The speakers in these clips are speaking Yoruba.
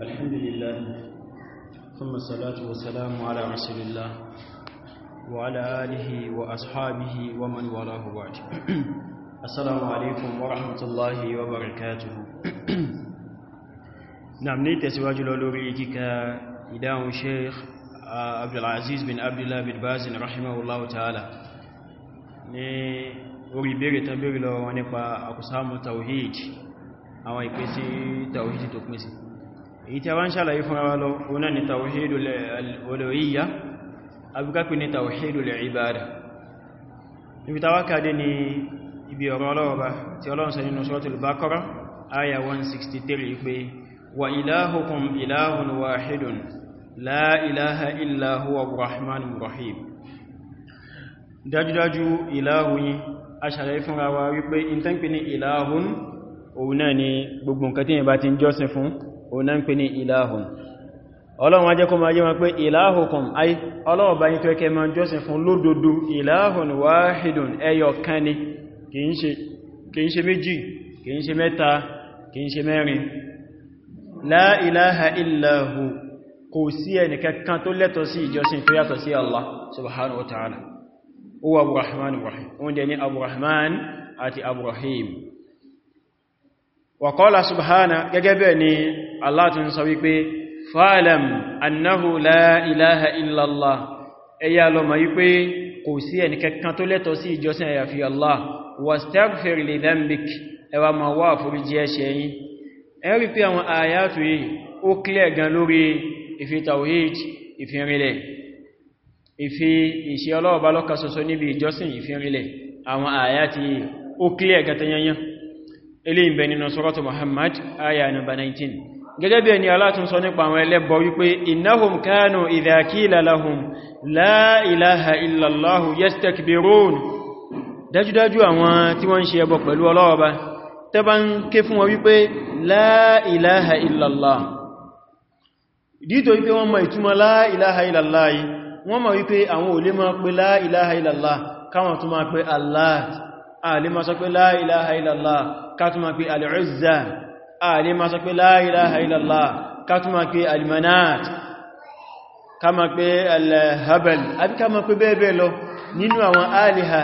الحمد لله ثم الصلاة والسلام على رسول الله وعلى آله وأصحابه ومن وراه بعد السلام عليكم ورحمة الله وبركاته نعم نيتس واجل لوريكك إدام الشيخ آه، عبد العزيز بن عبد الله بن باز رحمه الله تعالى ni orí ìbéèrè tán béèrè lọ wọn nípa àkùsáàmù tàwíhìdì àwọn ìpín tàwíhìdì tó pín èyí tí a wá ń ṣàlàyé fún ara lọ ọ̀nà ni tawhidul uluhiyya abúkápí ni tawhidul ibada níbi tawákàdé ni ibi ọ̀rọ̀ ọlọ́ọ̀bá tí ọlọ́run sọ nínú suratul Baqara aya 163 pé wa ilahukum ilahun wípé in ìlàhùn ọ̀nà ń pè ní ìlàhùn ọlọ́run ajẹ́ kó máa yé wọn pé ìlàhùkùn ay ọlọ́run bá yín tó ẹkẹ máa jọ́sìn fún lódodo ìlàhùn wáhìdùn ẹyọ kan ni kìí ṣe méjì kìí ṣe mẹ́ta kìí ṣe mẹ́rin la ilaha illahu kò sí ẹnìkankan tó lẹ́tọ̀ sí ìjọsìn tó yàtọ̀ sí Allah subhanahu wa ta'ala huwa Abu Rahman Rahim, ó ní Abu Rahman àti Abu Rahim wàkọ́lá subhana gẹ́gẹ́ bẹ́ẹ̀ ni Allah tún sọ wípé fa'alam annahu la ilaha illallah ẹ̀yà lọ ma wípé kò sí ẹni kankan tó lẹ́tọ̀ sí ìjọsìn àyàfi Allah wastaghfir li dhanbik ẹwà ma wá àforíjì ẹ̀ṣẹ̀ yín ẹ̀rí pé àwọn àyàtù yìí ó kílẹ̀ gan lórí ìfi tawhid ìfinrinlẹ̀ ìfi ìṣẹ́ ọlọ́ọ̀bá eléyìí ń bẹ nínú suratu Muhammad aya number 19 gẹ́gẹ́ bí ẹni alátún sọ nípa àwọn ẹlẹ́bọ wípé innahum kanu idha qila lahum la ilaha illallahu yastakbirun dájúdájú àwọn tí wọ́n ń ṣe ẹbọ pẹ̀lú ọlọ́ọba tẹ́ bá ń ké fún wọn wípé la ilaha illallah dídò wípé wọ́n mọ̀ ìtumọ̀ la ilaha illallah yìí wọ́n mọ̀ wípé àwọn ò lè ààlè máa sọ pé la ilaha illallah kátùmà pé al-Uzza ààlè máa sọ pé la ilaha illallah kátùmà pé al-Manat kama pé al-Habal àbí kama pé bẹ́ẹ̀bẹ́ẹ̀ lọ nínú àwọn aliha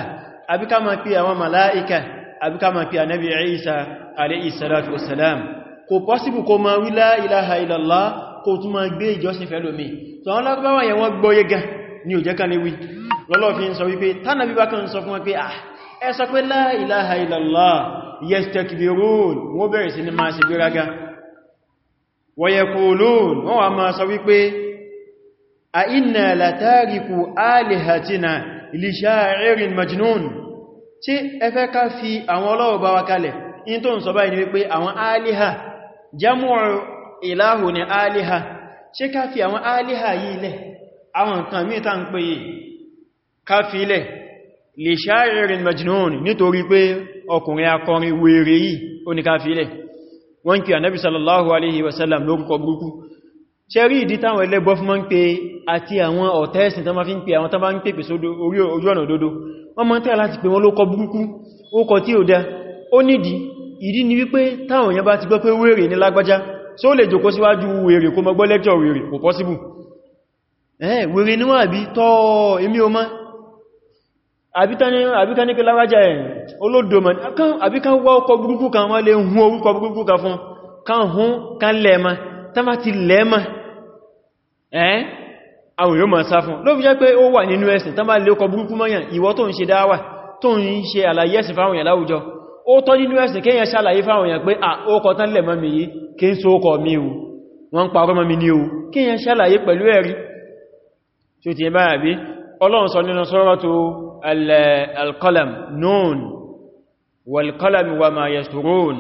àbí kama pé àwọn mala'ika àbí kama pé anabi Isa alayhi salatu wassalam kò pọ́síbù kó máa wí la ilaha illallah kó tún ni ò jẹ́ kan lè wí lọ́lọ́fin sọ wípé tánàbí bá kan sọ fún wọn pé ah ẹ sọ pé la ilaha illallah yastakbirun wọ́n bẹ̀rẹ̀ sí ni máa ṣe gbéraga wa yaqulun wọ́n wà máa sọ wípé a inna latariku alihatina li sha'irin majnun tí ẹ fẹ́ ká fi àwọn ọlọ́wọ̀ kalẹ̀ lè ṣáàrìrìn majnun nítorí pé ọkùnrin akọrin wèrè yìí ó ní káfílẹ̀ wọ́n kí ànábì sallallahu alaihi wasallam lórúkọ burúkú ṣe rí ìdí táwọn ẹlẹ́gbọ́ fún ma ń pe àti àwọn ọ̀tẹ́ẹ̀sìn tán ma fi ń pe àwọn tán bá ń pèpè sódó orí ojú ọ̀nà òdodo wọ́n ma ń tẹ́ láti pè wọ́n lókọ burúkú ó kọ tí ó dá ó nídìí ìdí ni wípé táwọn èèyàn bá ti gbọ́ pé wèrè ní lágbájá só lè jòkó síwájú wèrè kó mọ́gbọ́ lẹ́jọ́ wèrè kò pọ́síbù ẹ̀ẹ́ wèrè níwọ̀n tọ́ èmi o máa àbíká ní kí lárájá ẹ̀yìn olódò mọ̀ àbíká wá ọkọ̀ burúkú kan wọ́n lè hún orúkọ burúkú kan fún kan hún kan lẹ́ẹ̀mọ́ tánbà ti lẹ́ẹ̀mọ́ ẹ́ àwọn yóò mọ̀ sá fún ló fi jẹ́ pé ó wà nínú ẹ̀sìn tánbà lè ọkọ̀ burúkú mọ́yàn ìwọ tó ń ṣe dáwà tó ń ṣe àlàyé ẹ̀sìn fáwọn èèyàn o wọ́n ń parọ́ mọ́ mi ní o kéèyàn ṣàlàyé pẹ̀lú ẹ̀rí tí ó ti yẹ ọlọ́run sọ nínú suratu al-qalam nun wal-qalam wa ma yasturun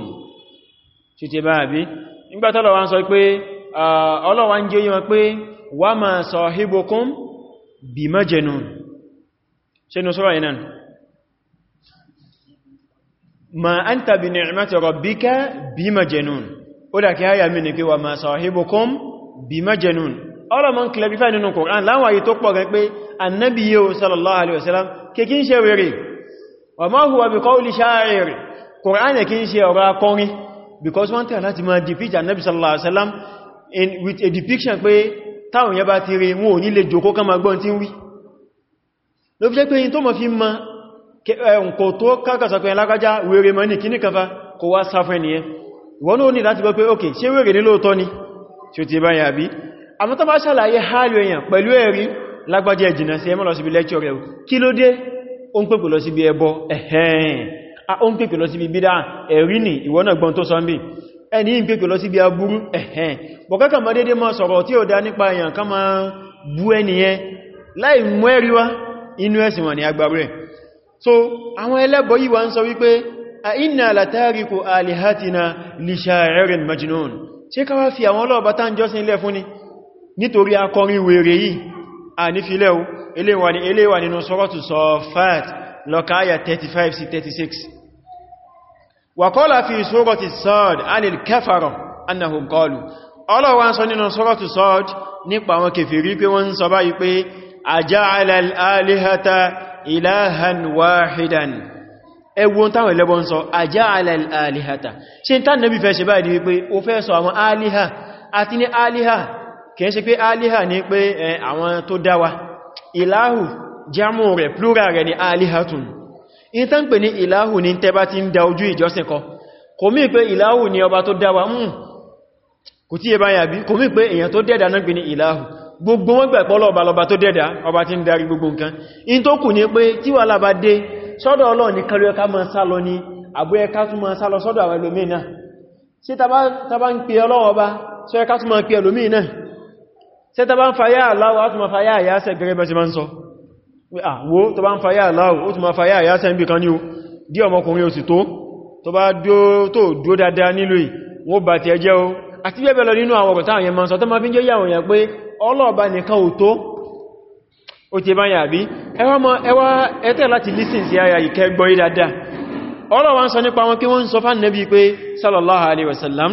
títí báyà bí nígbàtọ́lọ̀ wọ́n sọ pé ọlọ́wọ́ ń jẹ́ yíwa pé wa ma sahibukum bi majnun ṣe nù sọ́rọ̀ inan ma anta bi ni'mati rabbika bi majnun ó dà kí háyà mí ní pé wa ma sahibukum bi majnun ọlọ́mọ́ ń clarify nínú Qur'an láwọn àyí tó pọ̀ gan pé annabi yíò sallallahu alaihi wasallam kí kí ń wa ma huwa bi qawli Qur'an kí ń ṣe ọ̀rọ̀ because wọ́n tẹ̀ láti máa with a depiction pé táwọn yẹba ti rí wọn ò ní lè jòkó kan ma gbọ́n tí ń wí ló fi jẹ́ pé yí tó mọ̀ fi ma kò tó kákàsọ̀ pé lágbájá wèrè mọ́ ní kíní kafa kò wá sáfẹ́ nìyẹn wọ́n ní láti gbọ́ pé ok ṣé wèrè ní lóòtọ́ ni tí ti báyà àmọ́ tó bá ṣàlàyé hálù èèyàn pẹ̀lú ẹ̀rí lágbàjẹ́ ìjìnà sí ẹmọ́ lọ síbi lẹ́kí ọ̀rẹ́ kí ló dé o ń pèpè lọ síbi ẹbọ ẹ̀hẹ́n o ń pèpè lọ síbi bídá ẹ̀rí ni ìwọ náà gbọ́n tó sọ́mbì ẹni ń pèpè lọ síbi aburú ẹ̀hẹ́n bọ̀kẹ́kà mọ́ dédé mọ́ so àwọn ẹlẹ́bọ yìí a inna latariku alihatina li sha'irin majnun ṣe ká wá fi àwọn ọlọ́ọ̀bá tán jọ́sìn ilẹ̀ fún ni nítorí akọrin wèrè yìí a ní filẹ̀ o eléwà nínú sọ́rọ̀tù sọ́fàt lọ́káyà 35 sí 36 wàkọ́lá fi sọ́rọ̀tù sọ́d anil kẹfàrọ̀ annahum qalu ọlọ́wà sọ nínú sọ́rọ̀tù sọ́d nípa àwọn kèfèrí pé wọ́n sọ báyìí pé aja'ala al-alihata ilahan wahidan ẹwọ́n táwọn ẹlẹ́bọ́ kìí ṣe pé aliha ní pé àwọn tó dáwà ilahu jamu rẹ̀ plural rẹ̀ ni alihatun in tán pè ní ilahu ní tẹba ti ń da ojú ìjọsìn kọ kò mí pé ilahu ni ọba tó dáwà mú hmm. kò tí ẹba yàbí kò mí pé èyàn tó dẹ́dà náà pè ní ilahu gbogbo wọn gbẹ̀pọ̀ lọ́ba lọ́ba tó dẹ́dà ọba ti ń darí gbogbo nǹkan in tó kù ní pé tí wà lába dé sọ́dọ̀ ọlọ́ọ̀ ní kẹrù ẹka máa sálọ ní àbú ẹka pè ọlọ́wọ́ bá sọ ẹka tún pè ẹlòmí náà ṣe tàbá ń fàyà aláwọ̀ á tún ma fàyà àyáṣẹ́ gẹ́gẹ́ bẹ́ sí ma ń sọ ah, wo tó bá ń fàyà aláwọ̀ ó tún ma fàyà àyáṣẹ́ ń bí kan ní o dí ọmọkùnrin òsì tó tó bá tó dúó dáadáa nílò wọ́n bá ti ẹjẹ́ o àti bẹ́ẹ̀ lọ nínú àwọn ọ̀rọ̀ta àyẹ̀mọ́ sọ tó ma fi ń jẹ́ yàwó yà pé ọlọ́ọ̀bá nìkan ò tó ó ti bá yàbí ẹwà ẹ̀tẹ̀ láti lísìn sí ara ìkẹgbọ́ ìdáadáa sallallahu alaihi wasallam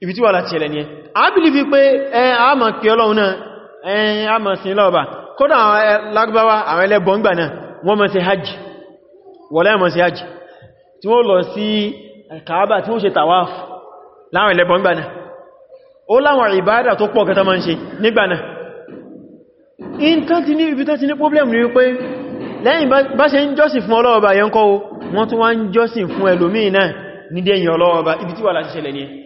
ibi tí wà láti ẹlẹ̀ ni ẹ a bìlìfì pé a ma kí ọlọ́run náà ẹn a ma sin lọ́ọ̀bà kódà lágbàwà àwọn ẹlẹ́bọn gbà náà wọ́n ma ṣe hajj wọ́lẹ́ ma ṣe hajj tí wọ́n lọ sí kàábà tí wọ́n ṣe tawaf láwọn ẹlẹ́bọn gbà náà ó láwọn ìbádà tó pọ̀ kẹta ma ń ṣe nígbà náà ibi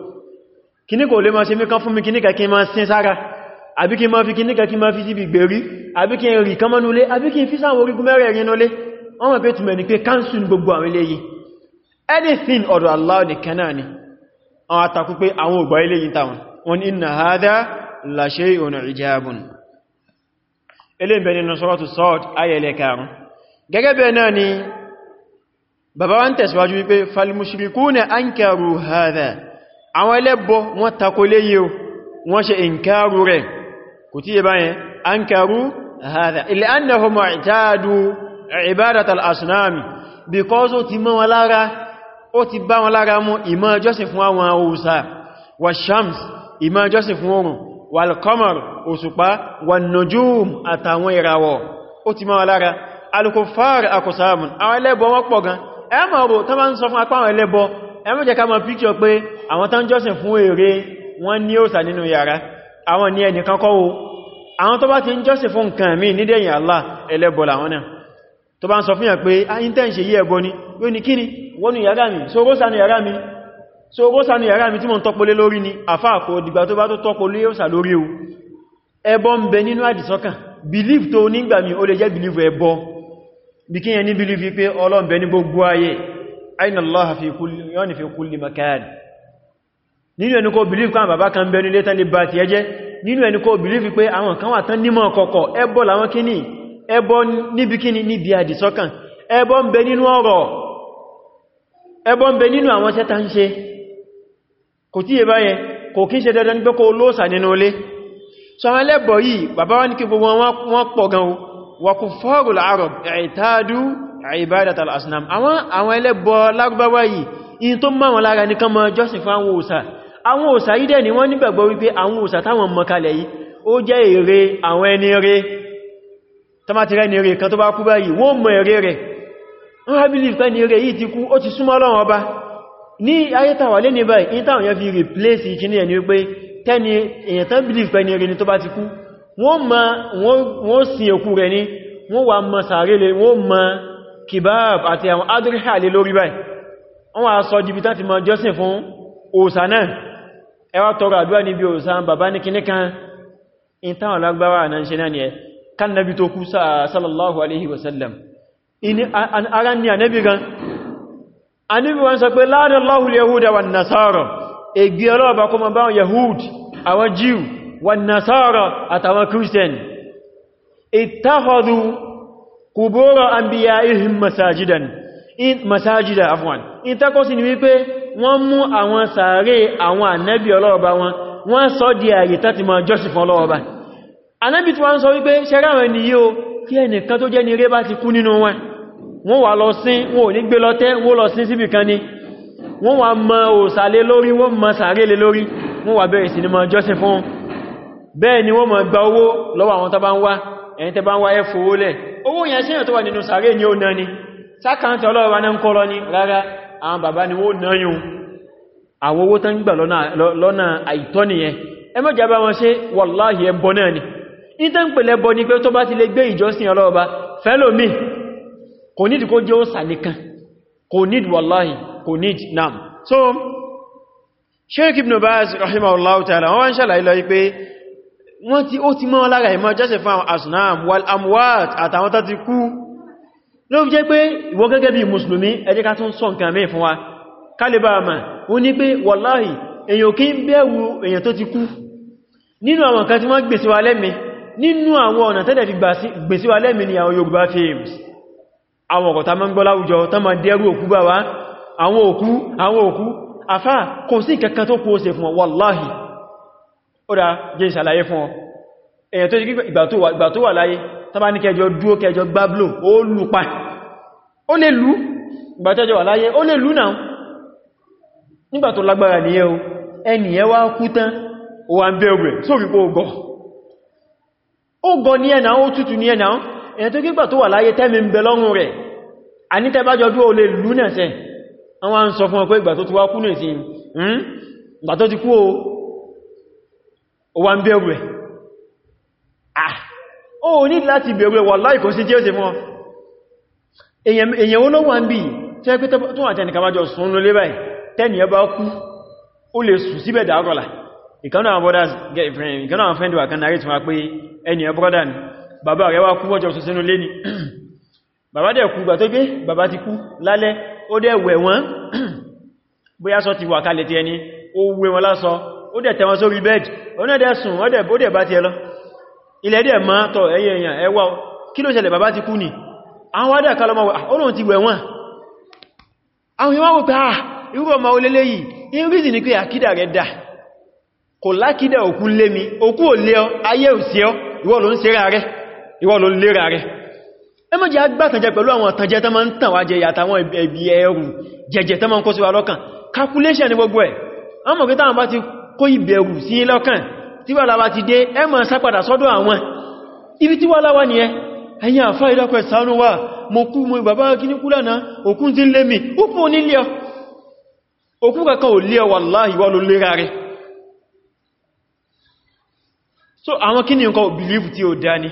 kíní kò lè máa ṣe mẹ́kan fún mi kíní kàkí máa sín sára àbí kí máa fi kíní kàkí máa fi síbi gbèrí àbí kí rì kan mọ́nulé àbí kí fi sáwọn orígun mẹ́rẹ̀ẹ̀rin nulé ọmọ pé túnmẹ̀ ní pé káńsù ní gbogbo àwọn eléyìí anything ọ̀dọ̀ Allah nìkan náà ni àwọn atakú pé àwọn ògbà eléyìí táwọn wọn àwọn ẹlẹ́bọ wọ́n tako léyìí o wọ́n ṣe ìǹkàrù rẹ̀ kò tí yẹ báyẹn an kàrù hādhā li'annahum i'tādū ibādata al-aṣnām because ó ti mọ́ wọn lára ó ti bá wọn lára mú ìmọ̀ jọ́sìn fún àwọn òòṣà wash-shams ìmọ̀ jọ́sìn fún oòrùn wal-qamar òṣùpá wan-nujūm àtàwọn ìràwọ̀ ó ti mọ́ wọn lára al-kuffār aqsām àwọn ẹlẹ́bọ wọ́n pọ̀ gan ẹmọ̀ ẹmọ́ jẹ́ ká mọ̀ píkíọ̀ pé àwọn tán jọ́sìn fún èrè wọ́n ní òsà nínú yàrá àwọn ní ẹnìkan kọ́ o àwọn tó bá ti ń jọ́sìn fún nǹkan mí nídẹ̀yìn Allah ẹlẹ́bọ làwọn náà tó bá ń sọ fíyàn pé a ah, ń tẹ́ ń ṣe yí ẹbọ ni ó ní kíni wọ́n ní yàrá ni àfáàkò dìgbà tó bá tó tọ́polé òsà lórí o ẹbọ ń bẹ nínú àdìsọ́kàn belief tó nígbà mi ó lè jẹ́ belief ẹbọ bí pé aina Allah fi kulli yani fi kulli makan nínú ẹni kó believe kan bàbá kan bẹ ni le tan le ba ti eje nínú ẹni kó believe pé àwọn kan wà tán nímọ̀ kọ̀kọ̀ ẹbọ làwọn kini ẹbọ ni bi kini ni bi adi sọ́kàn ẹbọ ńbẹ nínú ọ̀rọ̀ ẹbọ ńbẹ nínú àwọn tan ṣe kò ti e bayen kò kin ṣe dandan pé kó lọ sa nínú ilé so àwọn lẹ́bọ yìí bàbá wa ní kí gbogbo wọn pọ̀ gan wa kufarul arab i'tadu ibadatal asnam àwọn àwọn ẹlẹ́bọ lágbàwá yìí in tó mọ́ wọn lára nìkan mọ́ jọ́sìn fún àwọn òsà àwọn òsà yìí dẹ̀ ni wọ́n nígbàgbọ́ wípé àwọn òsà táwọn mọ́kalẹ̀ yìí ó jẹ́ ère àwọn ẹni rẹ̀ tó bá kú rẹ̀ ní rẹ̀ ni tó bá kú wọ́n wọ́n wà sàárè lè wọ́n mọ́ kìbáàb àti àwọn adúríhà lè lórí báyìí wọ́n wá sọ jìbí tán ti mọ jọ́sìn fún òòsà náà ẹ wá tọrọ àdúrà níbi òòsà bàbá ní kíní kan in táwọn náà ṣe náà ni ẹ kan tó kú sallallahu alaihi wasallam ini ara ni anabi gan anabi wọn sọ pé ládàláhù yahuda wa nasara ègbé ọlọ́ọ̀bà kọmọ báwọn yahud wa nasara àtàwọn christian ìtàhọdù kùbọ́rọ̀ àbíyà ihim masajidan masajida afwan in takọ́ sí ni wípé wọ́n mú àwọn sàárè àwọn ànábì ọlọ́ọ̀bá wọn wọ́n sọ di ààyè tàti ma jọ́sì fún ọlọ́ọ̀bá ànábì tí wọ́n sọ wípé ṣẹ́ráwẹ̀ ni yíò kí ẹnìkan tó jẹ́ ní rẹ́ bá ti kú nínú wọn wọ́n wà lọ sí wọn ò ní gbé lọ́tẹ́ wọ́n lọ sí ni wọ́n wà mọ òsàlé lórí àwọn tó ẹni tẹ bá ń wá ẹ fowó lẹ̀ owó yẹn ṣẹ́yàn tó wà nínú sàárè ní ó náà ni sákàntì ọlọ́rọ̀ náà ń kọ́ ní rárá àwọn bàbá ni ó náà yùn àwọn owó tán gbà lọ́nà àìtọ́ nìyẹn ẹ mọ́jà ti lè gbé ìjọsìn ọlọ́ọba fẹ́lòmí kò nídìí kó jẹ́ ó sànìkan kò so Sheikh Ibn Baz rahimahullahu ta'ala wọ́n ń wọ́n ti ó ti mọ́ lára ìmọ̀ jẹ́sẹ̀ fún àwọn asnam wal amwat àtàwọn tó ti kú ló fi jẹ́ pé ìwọ gẹ́gẹ́ bí mùsùlùmí ẹ jẹ́ ká tún sọ nǹkan mẹ́ fún wa kálíbà mà ó ní pé wàláhì èyàn kí ń bẹ̀rù èyàn tó ti kú nínú àwọn kan tí wọ́n gbèsè wa lẹ́mí nínú àwọn ọ̀nà tẹ́lẹ̀ fi gbèsè wa lẹ́mí ni àwọn Yorùbá films àwọn ọ̀kọ̀ ta máa ń gbọ́ láwùjọ tó máa dẹ́rù òkú bá wa àwọn òkú àwọn òkú àfá kò sí kankan tó kú ó ṣe fún wa wàláhì ó dá jẹ́ ìṣàlàyé fún ọ èyàn tó jẹ́ ìgbà tó wà láyé tàbá ní kẹjọ dúó kẹjọ gbáblò ó lù pa ó lè lù ìgbà tẹ́jọ wà láyé ó lè lù náà nígbà tó lágbára nìyẹn o ẹnìyẹn wá kú tán ó wà ń bẹ́ ogbẹ̀ sórí pé ogọ́ ogọ́ ní ẹ̀nà ó tútù ní ẹ̀nà èyàn tó hmm? ìgbà tó ti kú o ó wá ń bẹ̀rù ẹ̀ ah ó ní láti bẹ̀rù ẹ̀ wàláhì kò sí jẹ́ fún ọ èyàn ó lọ́wọ́ ń bí tẹ́ pé tó wà tẹ́nìkan májọ sún ló lé báyìí tẹ́nì ẹ bá kú ó lè sùn síbẹ̀ dárọ́lá ìkan náà brothers get a friend ìkan náà friend wà kan náà rí tí wọ́n pé ẹni ẹ brother ó wé wọn lásọ ó dẹ̀ tẹ̀wọ́n sórí bẹ́ẹ̀dì onídẹ̀ sùn ó dẹ̀ bá ti ẹ lọ ilẹ̀ dẹ̀ ma tọ̀ ẹyẹ èèyàn ẹwà kí ló ṣẹlẹ̀ bàbá ti kú ni àwọn wádà kalọmọ olóhun ti wẹ̀ wọ́n àwọn yíwá wò pé à ah, irúbọ̀ ma olélé yìí in rí ní pé àkídà rẹ̀ dà kò lákídà òkú lé mi òkú ò lé ọ kó ìbẹ̀rù sí lọ́kàn tí wà láwá ti dé ẹ máa sápadà sọ́dọ̀ àwọn ibi tí wà láwá ni ẹ ẹ̀yìn àfá ìdákọ̀ ìsánú wà mọ̀ kú mọ̀ bàbá kíní kú lánàá òkun ti ń lé mi òkú onílé ọ òkú kankan ò so àwọn kíní believe tí ó dá ní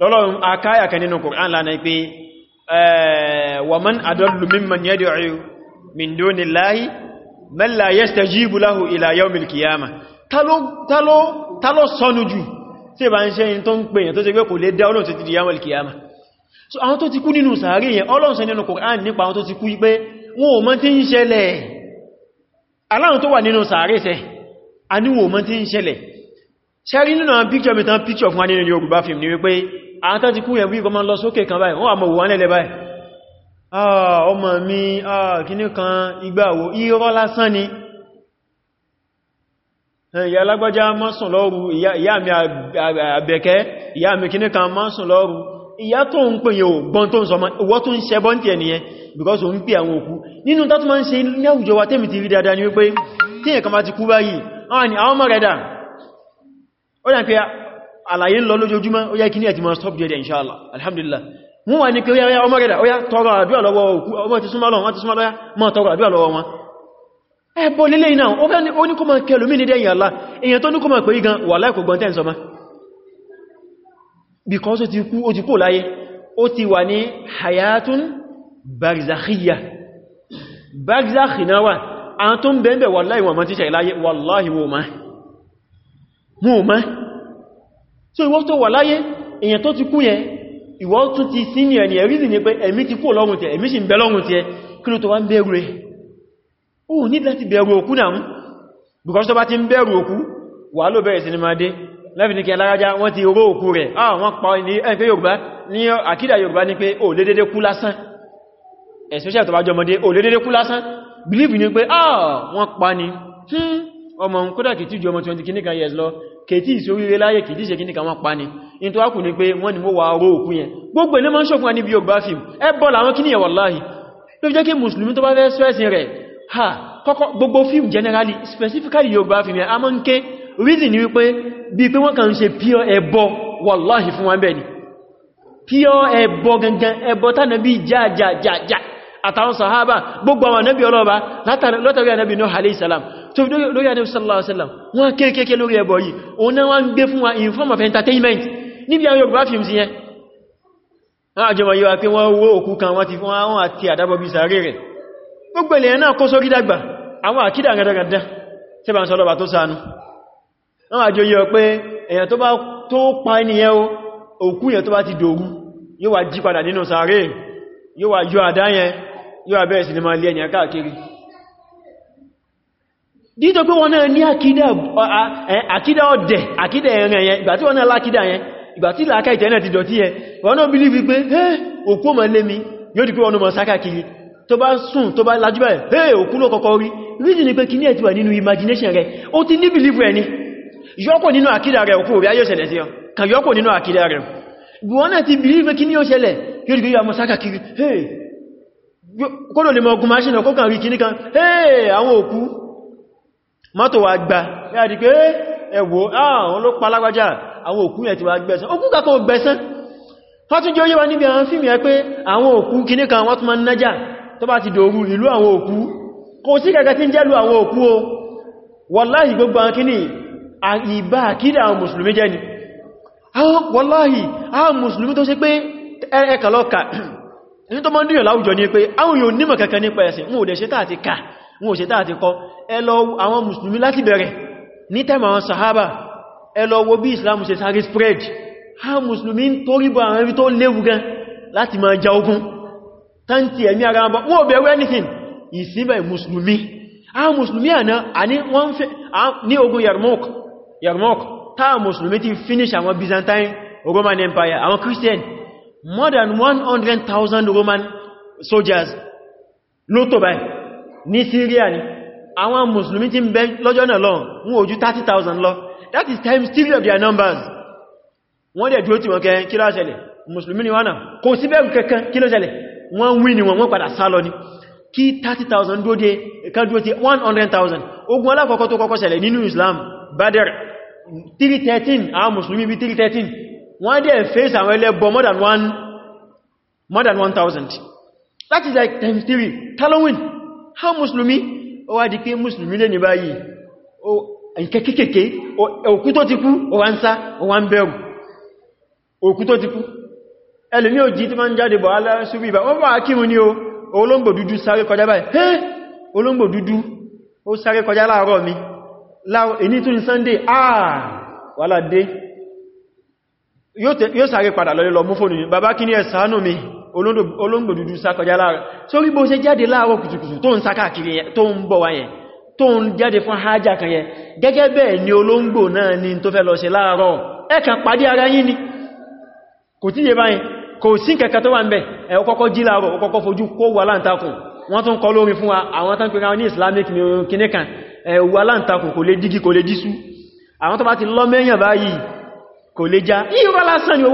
lọ́lọ́run akáyà kan nínú Qur'an lánàá pé wa man adallu mimman man la yastajibu lahu ila yawmil qiyamah ta ló sọnù jù tí ìbá ń ṣe yìn tó ń pè yìn tó ṣe pé kò lè dá Ọlọ́run ti di yawmil qiyamah so àwọn tó ti kú nínú sàárè yẹn Ọlọ́run sọ nínú Qur'an nípa àwọn tó ti kú pé wọn ò mọ̀ tí ń ṣẹlẹ̀ aláwọn tó wà nínú a ní wọn ò mọ̀ tí ń ṣẹlẹ̀ ṣẹ́rí nínú àwọn píkṣọ̀ mi tán píkṣọ̀ fún wa nínú Yorùbá fíìmù ni wípé àwọn tó ti kú yẹn bí ìgbọ́mọ́ lọ sókè kan báyìí Ah, ọmọ mi ah, kìní kan ìgbàwó irọ́ lásán ni eh, ìyá alágbájá mọ́sùn lọ́rù ìyá mi àbẹ̀kẹ́ ìyá mi kìní kan mọ́sùn lọ́rù ìyá tó ń pè yóò gbọ́n tó ń sọ wọ́n tó ń ṣẹ tí ẹniyẹn because o ń pè àwọn òkú nínú tó máa ń ṣe ní àwùjọ wa tẹ́mì ti rí dáadáa ni wípé tí ẹ̀kan bá ti kú báyìí àwọn ọmọ rẹ̀ dà ó dà pé àlàyé stop jẹ́ inshallah alhamdulillah wọ́n wà ní pé ọya ọmọ rẹ̀dà ọya tọrọ àdúrà lọ́wọ́ ọmọ ti súnmọ́ lọ́wọ́ wọ́n ti súnmọ́ lọ́yá mọ́ tọrọ àdúrà lọ́wọ́ wọn ẹbọ lílé iná ó ní kó mọ̀ kẹlùmí ní dẹ́yìn àlá èyàn tó ní kó mọ̀ pé igan wà láìkò gbọ́n tẹ́ǹsọ ma because ó ti kú ó ti kú láyé ó ti wà ní hayatun barzakhiya barzakhi náà wà àwọn tó ń bẹ̀ẹ̀bẹ̀ wà láìwọ̀n mọ́ tíṣẹ̀ láyé wàláhì wọ́n ma so ìwọ́n tó wà láyé èyàn tó ti kú yẹn ìwọ́n tún ti sí ní ẹni ẹ̀rí ní pé ẹ̀mí ti kó lọ́rùn tẹ́ ẹ̀mí sì ń bẹ lọ́rùn tẹ́ kí ló tó wá ń bẹ̀rù ẹ̀ o ní láti bẹ̀rù òkú náà mú because bá ti ń bẹ̀rù òkú wà ló bẹ̀rẹ̀ sí dé láti ní ah wọ́n pa ní ẹ̀pẹ́ Yorùbá ní àkídà Yorùbá ní pé o lè especially tó bá jọ ọmọdé o lè believe ní pé ah wọ́n pa ni hmm, ọmọ kódà kìí tí ju ọmọ 20 kìíníkan years lọ kìí tí ìsoríire láyé kìí tí ìṣe kìíníkan in tó wákùn ní pé wọ́n ni mo wà ró òkú yẹn gbogbo ní mọ́ ṣòfún ní biography ẹbọ́ làwọn kí ní ẹ̀wọ̀ láàáyì tó jẹ́ kí mùsùlùmí tó bá fẹ́ sọ́ẹ̀sìn rẹ̀ ha kọ́kọ́ gbogbo film generally specifically biography yẹn a mọ́ ń reason ni wípé bí pé wọ́n kàn ń ṣe pure ẹbọ wàláhì fún wọn bẹ́ẹ̀ ni pure ẹbọ gangan ẹbọ tánàbí jájájájá àtàwọn sàhábà gbogbo àwọn anábì ọlọ́ọ̀bá látàrí anábì náà alayhi salam tó fi lórí anábì sallallahu alaihi wasallam wọ́n kéèkéé lórí ẹbọ yìí òun náà wọ́n gbé fún wa in form of entertainment níbi àwọn Yorùbá fi sí yẹn láà jẹmọ̀ yíwa pé wọ́n wó òkú kan wọ́n ti fún àwọn àti àdábọ̀bí sàárè rẹ̀ gbogbo ilẹ̀ náà kó sórí dàgbà àwọn àkídà gẹ́gẹ́gẹ́dẹ́ tí bá ń sọ́lọ́bà tó sánú wọ́n àjò yíwa pé èyàn tó bá tó pa ènìyàn òkú yẹn tó bá ti ni máa lé ènìyàn káàkiri dídọ̀ pé wọ́n náà ní àkídà ọ̀dẹ̀ àkídà ẹ̀rẹ̀ yẹn ìgbà tí wọ́n náà lákídà yẹn ìgbà tí làákà ìtẹ́nà ti dọ̀tí ẹ wọ́n náà bí lífi pé ẹ́ òkú ma lé mi yóò di pé wọ́n ma sáká kiri tó bá sùn tó bá lajú báyìí ni imagination rẹ ó ti ní belief rẹ ní yọ́kò nínú àkídà rẹ òkú rí ayé ṣẹlẹ̀ sí ọ kà yọ́kò nínú àkídà rẹ wọ́n náà ti belief pé kí ní ó ṣẹlẹ̀ yóò di pé yóò kódò lè mọ ogun máṣínà kó kàn rí kìní kan ẹ́ àwọn òkú mọ́tò wa gba ẹ́ àdìpé ẹ̀wò àwọn ah, ló pa lágbàjá àwọn òkú yẹn ti wá gbẹ̀san òkú kàkọ́ gbẹ̀san wọ́n tún jẹ́ oyé wa níbi àwọn fíìmù yẹn pé àwọn òkú kìní kan wọ́n tún ma ń nájà tó bá ti dòru ìlú àwọn òkú kò sí kẹ́kẹ́ tí ń jẹ́lu àwọn òkú o wọláhì gbogbo àwọn kìní ìbá ni wọláhì àwọn mùsùlùmí tó ṣe pé ẹkàlọ́kà ní tó mọ́ dìyàn láwùjọ ní pé àwọn sahaba ẹ lọ wo bí islam ṣe sáré spread ha musulmi ń torí bọ àwọn ibi tó léwu gan láti máa ja ogun tántí ẹ̀mí ara bọ́ wọ́n bẹ̀rẹ̀ anything ìsìnbẹ̀ musulmi ha musulmi àná ní ogun Yarmouk Yarmouk musulmi ti finish àwọn Byzantine Roman Empire àwọn Christian more than 100,000 Roman soldiers ló tó báyìí ní Syria ni àwọn musulmi ti ń bẹ lọ́jọ́ náà lọ ń ojú 30,000 lọ that is times three of their numbers wọ́n dẹ̀ dúró tí wọ́n kẹ́ kí ló ṣẹlẹ̀ musulmi ni wọ́n náà kò sí bẹ́ẹ̀ kankan kí ló ṣẹlẹ̀ wọ́n wí ni wọ́n wọ́n padà sá lọ ni kí 30,000 dúró dé kan dúró tí 100,000 ogun alákọ̀ọ́kọ́ tó kọ́kọ́ ṣẹlẹ̀ nínú Islam Badr 313 àwọn musulmi bí 313 wọ́n dẹ̀ face àwọn ẹlẹ́bọ more than one more than 1,000 that is like times three talowin ha musulmi ó wá di pé musulmi lè ní báyìí ǹkẹ́ kíkèké òkú tó ti kú ọwà ń sá ọwà ń bẹ̀rù òkú tó ti kú ẹlùmí òjì tí máa ń jáde bọ̀ aláṣúbí ìbá wọ́n bá kírun ní o olóngbò dúdú sáré kọjá báyìí hey olóngbò dúdú sáré kọjá láàárọ̀ mi láàárọ̀ ẹni tún Sunday ah wàhálà dé yóò sáré padà lọ lọ mú fóònù mi bàbá kí ní ẹ ṣàánú mi olóngbò dúdú sá kọjá láàárọ̀ sórí bó ṣe jáde láàárọ̀ kùtùkùtù tó ń tó ń jáde fún hajjá kan yẹ gẹ́gẹ́ bẹ́ẹ̀ ni olóngbò náà ni tó fẹ́ lọ ṣe láàárọ̀ ẹ̀kàn pàdé ara yín ni kò tí yẹ báyìí kò sí kẹ̀kẹ́ tó wà ń bẹ̀ ẹ ó kọ́kọ́ jí láàárọ̀ ó kọ́kọ́ fojú kó wà láǹtakùn wọ́n tún kọ lórin fún wa àwọn tán pẹ̀lú ní islamic kìnníkan ẹ̀wà láǹtakùn kò lè dígí kò lè dísú àwọn tó bá ti lọ mẹ́yàn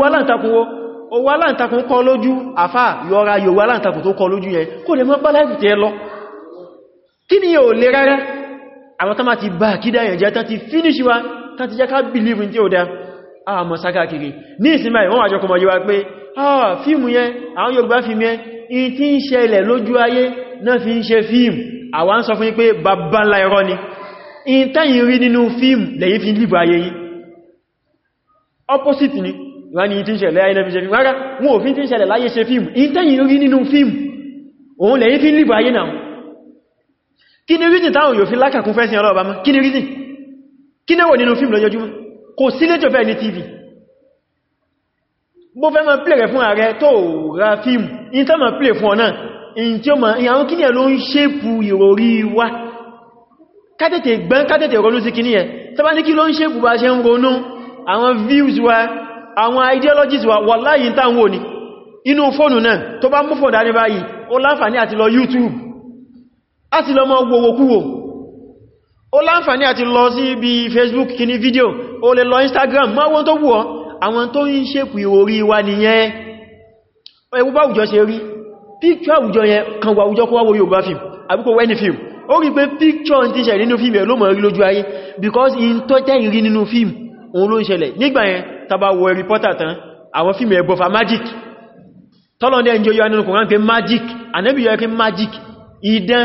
owó aláǹtakùn kọ lójú àfà yọra yòwó aláǹtakùn tó kọ lójú yẹn kò lè mọ́ bá láìpù lọ kí ni yóò lè rárá àwọn tán ma ti bá àkídà yẹn tán ti finish wa tán ti jẹ́ ká believe tí ó dá a mọ̀ kiri ní ìsinmi ìwọ́n wà jọkọmọ̀ yíwa pé ah fíìmù yẹn àwọn Yorùbá fíìmù yẹn in tí ń ṣẹlẹ̀ lójú ayé náà fi ń ṣe fíìmù àwọn sọ fún pé bàbá ẹ̀rọ ni in tẹ́yìn rí nínú fíìmù lẹ́yìn fi lìbò ayé yìí opposite ni wọ́n ni in tí ń ṣẹlẹ̀ ayé náà fi ṣe fíìmù rárá wọn ò fi tí kí ni reason táwọn yóò fi lákàkún fẹ́ sí ọlọ́ọ̀bá mọ́ kí ni reason kí ni wò nínú fíìmù lọ́jọ́júmọ́ kò sí lẹ́jọ́ fẹ́ ní tv bó fẹ́ máa play rẹ̀ fún ààrẹ tó ra fíìmù in tó máa play fún ọ̀nà in tí ó máa in àwọn kíníyàn ló wa kátètè gbọ́n kátètè ronú sí kíníyàn tó bá ní kí ló ń ṣépù ṣe ń ronú àwọn wa àwọn ideologies wa wà láyìí táwọn wò ní inú fóònù náà tó bá mú fóònù youtube a ti lọ mọ́ gbogbo kúwò ó láǹfàní àti lọ sí ibi facebook kini video, ó lè lọ instagram mọ́ wọ́n tó wù ọ́ àwọn tó ń ṣèpù orí wa nìyẹn ẹwú bá àwùjọ ṣe rí píkṣọ́ àwùjọ yẹn kan wà àwùjọ kó wá wórí ògbá fíìm àbíkò wẹ́ni fíìm ó rí pé píkṣọ́ ti ṣẹ̀ nínú fíìm ẹ̀ ló mọ̀ rí lójú ayé because in tó tẹ́yìn rí nínú fíìm òun ló ń ṣẹlẹ̀ nígbà yẹn tàbá wọ reporter tán àwọn fíìm ẹ̀bọ̀fà magic tọ́lọ́ndẹ́ ìjọ yọ anínú kòrán pé magic anẹ́bí yọ pé magic idán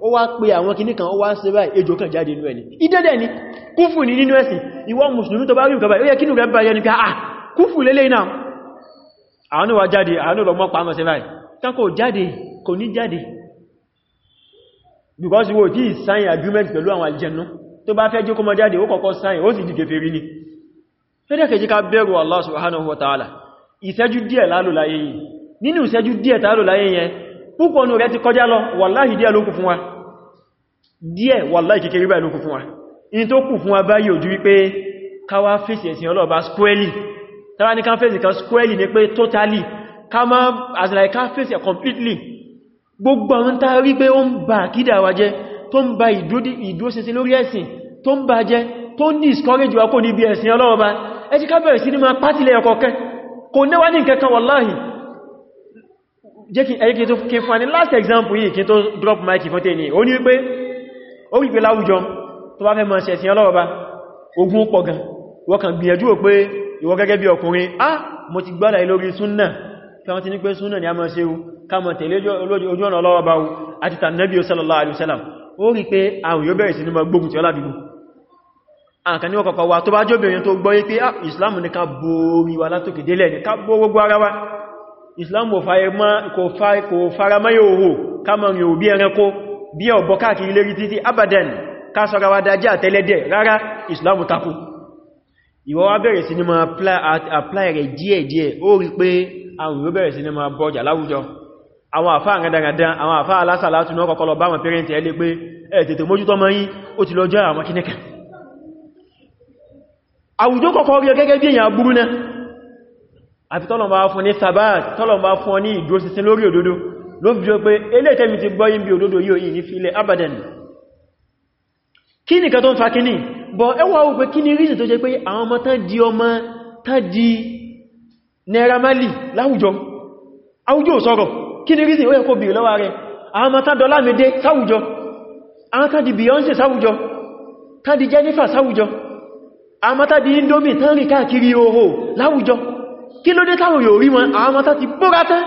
ó wá pé àwọn kìní kan ó wá ṣe báyìí ejò kan jáde inú ẹni ìdẹ́dẹ̀ ni kúfù ní nínú ẹ̀sìn ìwọ mùsùlùmí tó bá rí nǹkan báyìí ó yẹ kínú rẹ̀ báyẹ̀ ní pé ah kúfù lélẹ̀ iná àánú wa jáde àánú lọ mọ́pa mọ́ sí ní sign agreement pẹ̀lú àwọn àlìjẹnú tó bá fẹ́ jẹ́ kó mọ́ sign ó sì di kèfèrí ni fẹ́dẹ̀ kẹjì ká bẹ̀rù Allah subhanahu wa ta'ala ìṣẹ́jú díẹ̀ lálò láyé yìí nínú ìṣẹ́jú díẹ̀ tálò láyé yẹn púpọ̀ nù rẹ̀ ti kọjá lọ wàláhì díẹ̀ ló kù fún wa díẹ̀ wàláhì kékeré báyìí ló kù fún wa in tó kù fún wa báyìí ojú wípé káwá fèsì ẹ̀sìn ọlọ́ọ̀bá squarely tàbí ní ká fèsì kan squarely ní pé totally ká má as like ká fèsì completely gbogbo àwọn tá rí pé ó ń ba àkídà wa jẹ́ tó ń ba ìdúróṣinṣin lórí ẹ̀sìn tó ń ba jẹ́ tó ń discourage wa kò níbi ẹ̀sìn ọlọ́ọ̀bá ẹ ti ká bẹ̀rẹ̀ sí ní máa pátìlẹ̀ ọkọ̀ọ̀kẹ́ kò níwá ní nǹkan kan wàláhì jẹ́ kí ẹ̀yẹ́ kí tó kí fún àní last example yìí kí tó drop mic fún tẹ́ ní ó ní wípé ó wípé láwùjọ tó bá fẹ́ mọ̀ ṣẹ̀sì ọlọ́wọ́ bá ogun pọ̀ gan wọ́n kàn gbìyànjú ò pé ìwọ gẹ́gẹ́ bí ọkùnrin ah mo ti gbọ́dà lórí súnnà kí wọ́n ti ní pé súnnà ni a mọ̀ ṣe o ká mọ̀ tẹ̀lé ojú ọ̀nà ọlọ́wọ́ bá o àti tànàbí sallallahu alaihi wasallam ó rí pé àwọn yóò bẹ̀rẹ̀ sí islam kò fara mayo owó kamari obi ẹranko bí ọ̀bọ̀ káàkiri lérí títí abadan ká sọ́ra wa dájá àtẹ́lẹ́dẹ̀ rárá islam takú ìwọ wá bẹ̀rẹ̀ sí ni ma apply rẹ̀ díẹ̀díẹ̀ ó rí pé àwọn ìwọ bẹ̀rẹ̀ sí ni ma bọjà láwùjọ àwọn àfá àgádàgádán àwọn àfá alásàlátù náà kọ̀kọ́ lọ bá wọn pẹ́rẹ́ntì ẹlé pé àfi tọ́lọ̀n bá fún ní sabat tọ́lọ̀n bá fún ní ìdúróṣinṣin lórí òdodo ló fi jọ pé ilé ìtẹ́mi ti gbọ́ yín bí òdodo yíò yìí ní fílẹ̀ abadan kí ni kan tó ń fa kí ní bọ̀ ẹwà ó pé kí ni reason tó jẹ́ pé àwọn ọmọ tán di ọmọ tán di Beyonce sáwùjọ tán di Jennifer sáwùjọ àwọn ọmọ tán di Indomie tán rìn káàkiri oho kí ló dé táwọn yóò rí wọn àwọn mọ́ta ti bóratẹ́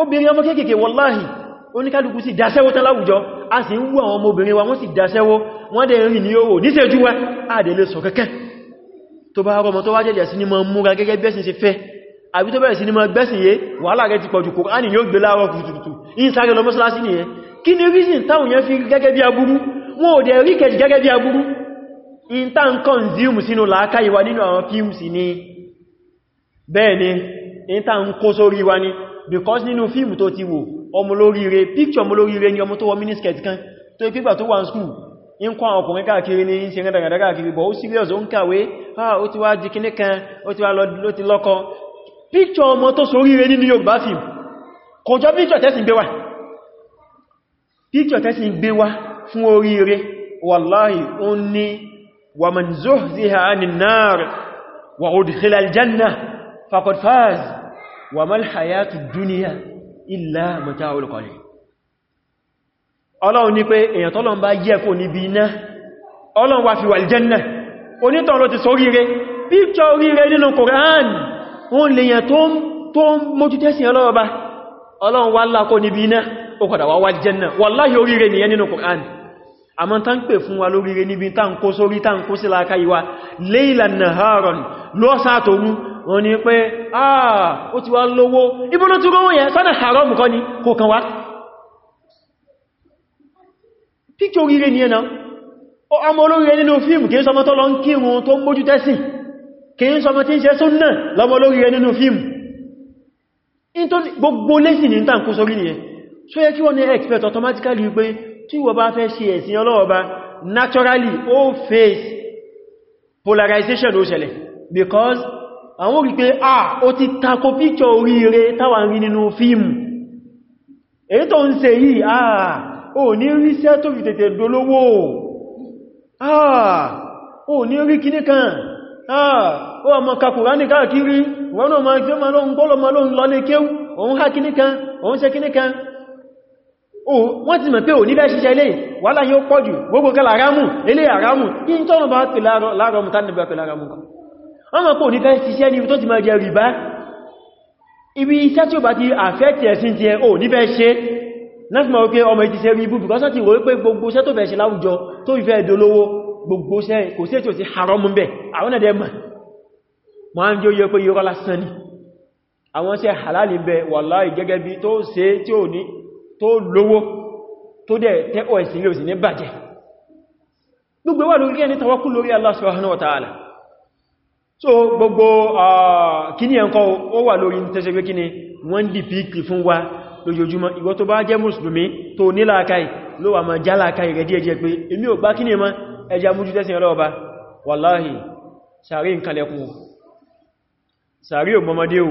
obìnrin ọmọ kéèkèé wọláhì oníkálùkù sí dáṣẹ́wó tán láwùjọ a sì ń wú àwọn ọmọbìnrin wa wọ́n sì dáṣẹ́wó wọ́n dẹ̀ rìn ní oòrò níṣẹ́jú wá àdèlé sọ kẹ́kẹ́ tó bá rọmọ tó wá jẹ́jẹ́ sí ní mọ́ múra gẹ́gẹ́ bẹ́sìn ṣe fẹ́ àbí tó bẹ̀rẹ̀ sí ní mọ́ gbẹ́sìn yé wàhálà rẹ̀ ti pọ̀jù kòránì yóò ni reason táwọn sí ni bẹ́ẹ̀ ni in ta ń kó sórí wa ni because nínú fíìmù tó ti wò ọmọ lóríire picture ọmọ lóríire ni ọmọ tó wọ miniskirt kan tó yí pípà tó wà ń skúù in kọ́ àwọn ọkùnrin káàkiri ní ṣe rẹ̀dàgàdà káàkiri bọ̀ ó serious ó ń kàwé ó ti wá di kíní kan ó ti wá lọ ti lọ́kọ picture ọmọ aljanna faqad faz wa mal hayatud dunya illa mata'ul qalil ọlọ́run ní pé èyàn tọ́lọ́run bá yẹ kó níbi iná ọlọ́run wá fi wal janna onítọ̀ ló ti sóríire píkṣọ oríire nínú koran wọ́n lè yẹn tó ń mójútẹ́sìn ọlọ́ọba ọlọ́run wá lákó níbi iná ó kọ̀dà wá wal janna wallahi oríire nìyẹn nínú ń pè fún wa lóríire níbi tá ń kó sórí tá ń kó sí láàká ìwà laylan naharan lọ́sàtòrú wọ́n ní pé àà ah, ó ti wá lówó ibùnú tí rówó yẹn sọ́nà haram kọ́ ni kò kàn wá píkò oríire ni ẹna ọmọ olóríire nínú fíìmù kìí sọmọ tó lọ ń kírun tó ń bójú tẹ́sìn kìí sọmọ tí ń ṣe súnnà lọmọ olóríire nínú fíìmù gbogbo automatically polarization o sele because àwọn rí pé à ó ti tako píkọ̀ oríire táwà rí nínú fíìmù èyí tó ń ṣe yìí à ó ní rí iṣẹ́ tó fi tètè dolówó à ó ní rí kíní kan à ó àmọ́ kakùrá ní káàkiri wọ́n náà máa gbọ́mọ́ lóhun gbọ́lọ́mọ́ lóhun lọlé kéw òun há kíní kan òun ṣe kíní kan wọ́n ti mọ̀ pé ò ní bẹ́ ṣiṣẹ́ ilé wàhálà yóò kan wọ́n mọ̀ pé òní kan ṣiṣẹ́ ní ibi tó ti máa jẹ rìbá ibi iṣẹ́ tí ó bá ti àfẹ́tì ẹ̀sìn ti ẹ ò ní fẹ́ ṣe láti mọ̀ pé ọmọ ìtìṣẹ́ rí ibú bìkọ́sọ́ ti wòó pé gbogbo iṣẹ́ tó fẹ́ ṣe láwùjọ tó fi fẹ́ dolówó gbogbo iṣẹ́ kò sí ètò sí haram ń bẹ àwọn ẹ̀dẹ̀ mọ̀ mọ́ á ń jẹ́ oyé pé yọrọ lásán ni àwọn iṣẹ́ halal ń bẹ wàláì gẹ́gẹ́ bí tó ṣe tí ò ní tó lówó tó dẹ̀ tẹ́kọ̀ ẹ̀sìn rẹ̀ ò sì ní bàjẹ́ gbogbo wà lórí ẹni tawakkul lórí Allah subhanahu wa so gbogbo kíní ẹ̀kọ́ ó wà lórí tẹ́ṣe pé kíní wọ́n dì píkì fún wa lójoojúmọ́ ìwọ tó bá jẹ́ mùsùlùmí tó níláàkáì ló wà máa jáláàkáì rẹ̀ díẹ̀díẹ̀ pé èmi ò gbá kíní mọ́ ẹja mújú tẹ́sìn ọlọ́ọba wàláhì sàárì nkalẹ̀kùn sàárì ò mọ́mọdé ò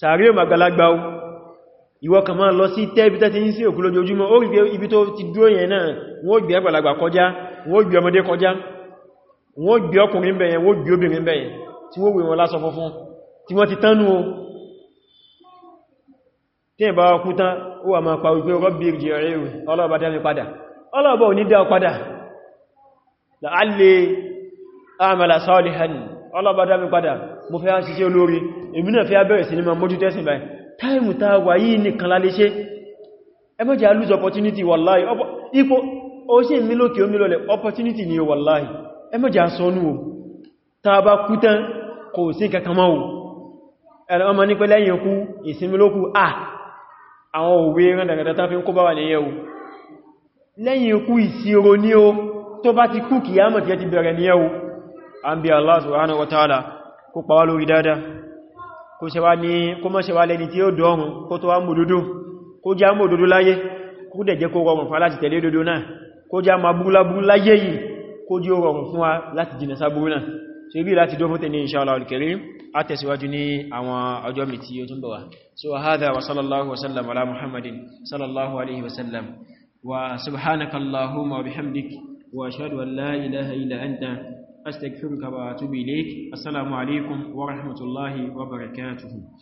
sàárì ò màgbàlagbà ò ìwọ kàn máa lọ sí tẹ́bí tẹ́tí ń sí òkú lójoojúmọ́ ó rí ibi tó ti dúró yẹn náà wọ́n wọ́n gbé ọkùnrin bẹ̀yẹn wọ́n gbé obìnrin bẹ̀yẹn tí wọ́n wé wọn lásọ funfun tí wọ́n ti tánú o tí ìbá ọkú tán ó wà máa pa wípé rọ́bí ìrìnrìn ọlọ́ọ̀bá dámi padà ọlọ́ọ̀bá ò ní dá padà láàálẹ̀ àmàlà salihan ọlọ́ọ̀bá dámi padà mo fẹ́ ṣiṣẹ́ olórí èmi náà fẹ́ bẹ̀rẹ̀ sí ní máa mójú tẹ́sìn báyìí táìmù tá a wà yìí nìkan la lè ṣe ẹ má jẹ́ a lose opportunity wallahi ipò ó sì ń mílòkè ó mílòlẹ̀ opportunity ni wallahi ẹmọ́jà sọ́nú o ta bá kú tán kò sí kankanmọ́ o ẹ̀lọ́ ọmọ ní pé lẹ́yìn ikú ìsinmi lókù à àwọn òwe rán dàgbàtà tán fi ń kó bá wà nìyẹn o lẹ́yìn ikú ìṣirò ní o tó bá ti kú kìyàmọ̀ tí ẹ wa ta'ala kó pa wá lórí dáadáa kó láyé kó dẹ̀ jẹ́ kó rọrùn fà láti tẹ̀lé dodo náà kó já ma búlábú láyé yìí kó jí ó rọrùn fún wa láti jìnà sábúrú náà so ibi láti dó fótẹ́ ní inshallah al-karim a tẹ̀síwájú ní àwọn ọjọ́ mi tí ó tún bọ̀ wá so hadha wa sallallahu wa sallam ala muhammadin sallallahu alaihi wa sallam wa subhanaka allahumma wa bihamdik wa la ilaha illa anta astaghfiruka wa atubu ilaik assalamu alaikum wa rahmatullahi wa barakatuh